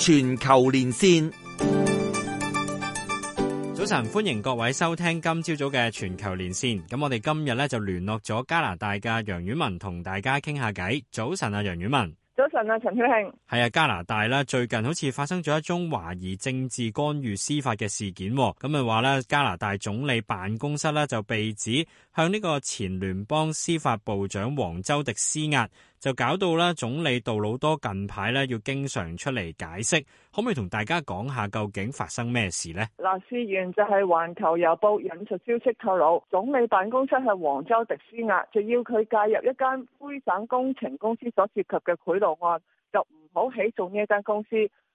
全球連線，早晨，歡迎各位收聽今朝早嘅全球連線。咁我哋今日咧就聯絡咗加拿大嘅楊婉文，同大家傾下偈。早晨啊，楊婉文。早晨啊，陳曉慶。係啊，加拿大啦，最近好似發生咗一宗懷疑政治干預司法嘅事件。咁啊話咧，加拿大總理辦公室咧就被指向呢個前聯邦司法部長王州迪施壓。就搞到啦，總理杜魯多近排咧要經常出嚟解釋，可唔可以同大家講下究竟發生咩事呢？嗱，事源就係、是《環球郵報》引述消息透露，總理辦公室向王州迪施壓，就要佢介入一間魁省工程公司所涉及嘅賄賂案，就唔好起訴呢一間公司，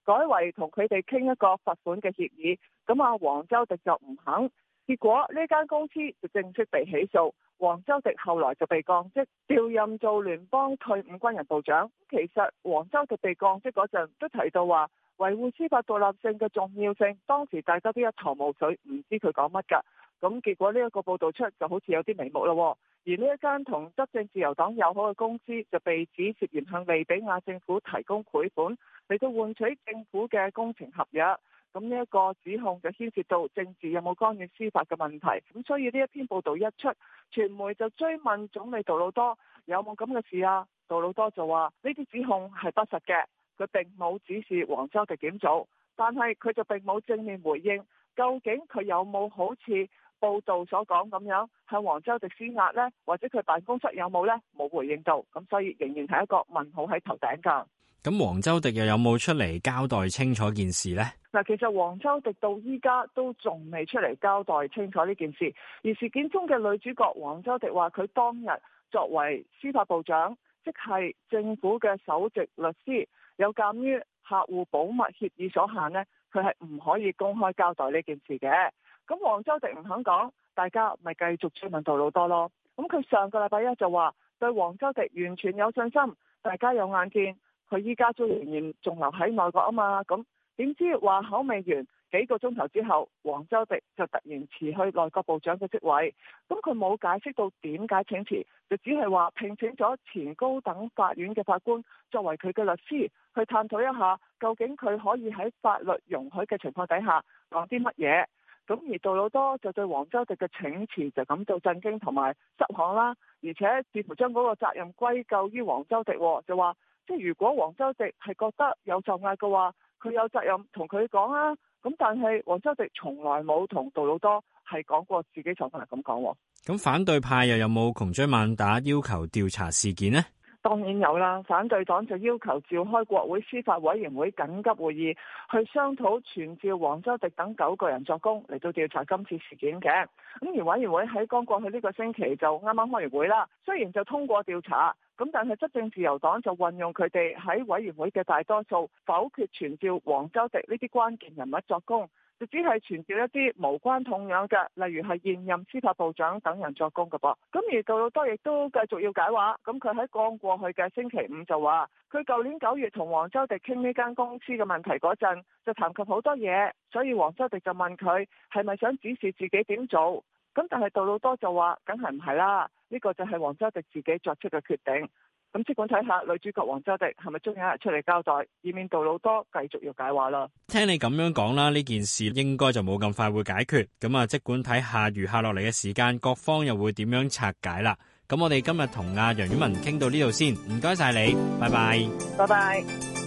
改為同佢哋傾一個罰款嘅協議。咁阿王州迪就唔肯。結果呢間公司就正式被起訴，王州迪後來就被降職，調任做聯邦退伍軍人部長。其實王州迪被降職嗰陣都提到話維護司法獨立性嘅重要性，當時大家都一頭霧水，唔知佢講乜噶。咁結果呢一個報道出嚟就好似有啲眉目咯。而呢一間同執政自由黨友好嘅公司就被指涉嫌向利比亞政府提供賄款，嚟到換取政府嘅工程合約。咁呢一個指控就牽涉到政治有冇干預司法嘅問題，咁所以呢一篇報道一出，傳媒就追問總理杜魯多有冇咁嘅事啊？杜魯多就話呢啲指控係不實嘅，佢並冇指示王州嘅檢組，但係佢就並冇正面回應，究竟佢有冇好似報道所講咁樣向王州迪施壓呢？或者佢辦公室有冇呢？冇回應到，咁所以仍然係一個問號喺頭頂㗎。咁王州迪又有冇出嚟交代清楚件事呢？嗱，其實王州迪到依家都仲未出嚟交代清楚呢件事。而事件中嘅女主角王州迪話，佢當日作為司法部長，即係政府嘅首席律師，有鑑於客戶保密協議所限呢，佢係唔可以公開交代呢件事嘅。咁王州迪唔肯講，大家咪繼續追問杜魯多咯。咁佢上個禮拜一就話對王州迪完全有信心，大家有眼見。佢依家都仍然仲留喺外國啊嘛，咁點知話口未完幾個鐘頭之後，王州迪就突然辭去內閣部長嘅職位，咁佢冇解釋到點解請辭，就只係話聘請咗前高等法院嘅法官作為佢嘅律師去探討一下，究竟佢可以喺法律容許嘅情況底下講啲乜嘢。咁而杜魯多就對王州迪嘅請辭就感到震驚同埋失望啦，而且似乎將嗰個責任歸咎於王州迪就，就話。即係如果王州迪係覺得有受壓嘅話，佢有責任同佢講啊。咁但係王州迪從來冇同杜魯多係講過自己狀況係咁講喎。咁反對派又有冇窮追猛打要求調查事件呢？當然有啦，反對黨就要求召開國會司法委員會緊急會議，去商討傳召王州迪等九個人作供嚟到調查今次事件嘅。咁而委員會喺剛過去呢個星期就啱啱開完會啦。雖然就通過調查。咁但係執政自由黨就運用佢哋喺委員會嘅大多數否決傳召王州迪呢啲關鍵人物作供，就只係傳召一啲無關痛癢嘅，例如係現任司法部長等人作供嘅噃。咁而杜魯多亦都繼續要解話，咁佢喺剛過去嘅星期五就話，佢舊年九月同王州迪傾呢間公司嘅問題嗰陣，就談及好多嘢，所以王州迪就問佢係咪想指示自己點做。咁但係杜魯多就話，梗係唔係啦，呢、這個就係王州迪自己作出嘅決定。咁即管睇下女主角王州迪係咪終有一日出嚟交代，以免杜魯多繼續要解話啦。聽你咁樣講啦，呢件事應該就冇咁快會解決。咁啊，即管睇下餘下落嚟嘅時間，各方又會點樣拆解啦。咁我哋今日同阿楊婉文傾到呢度先，唔該晒你，拜拜，拜拜。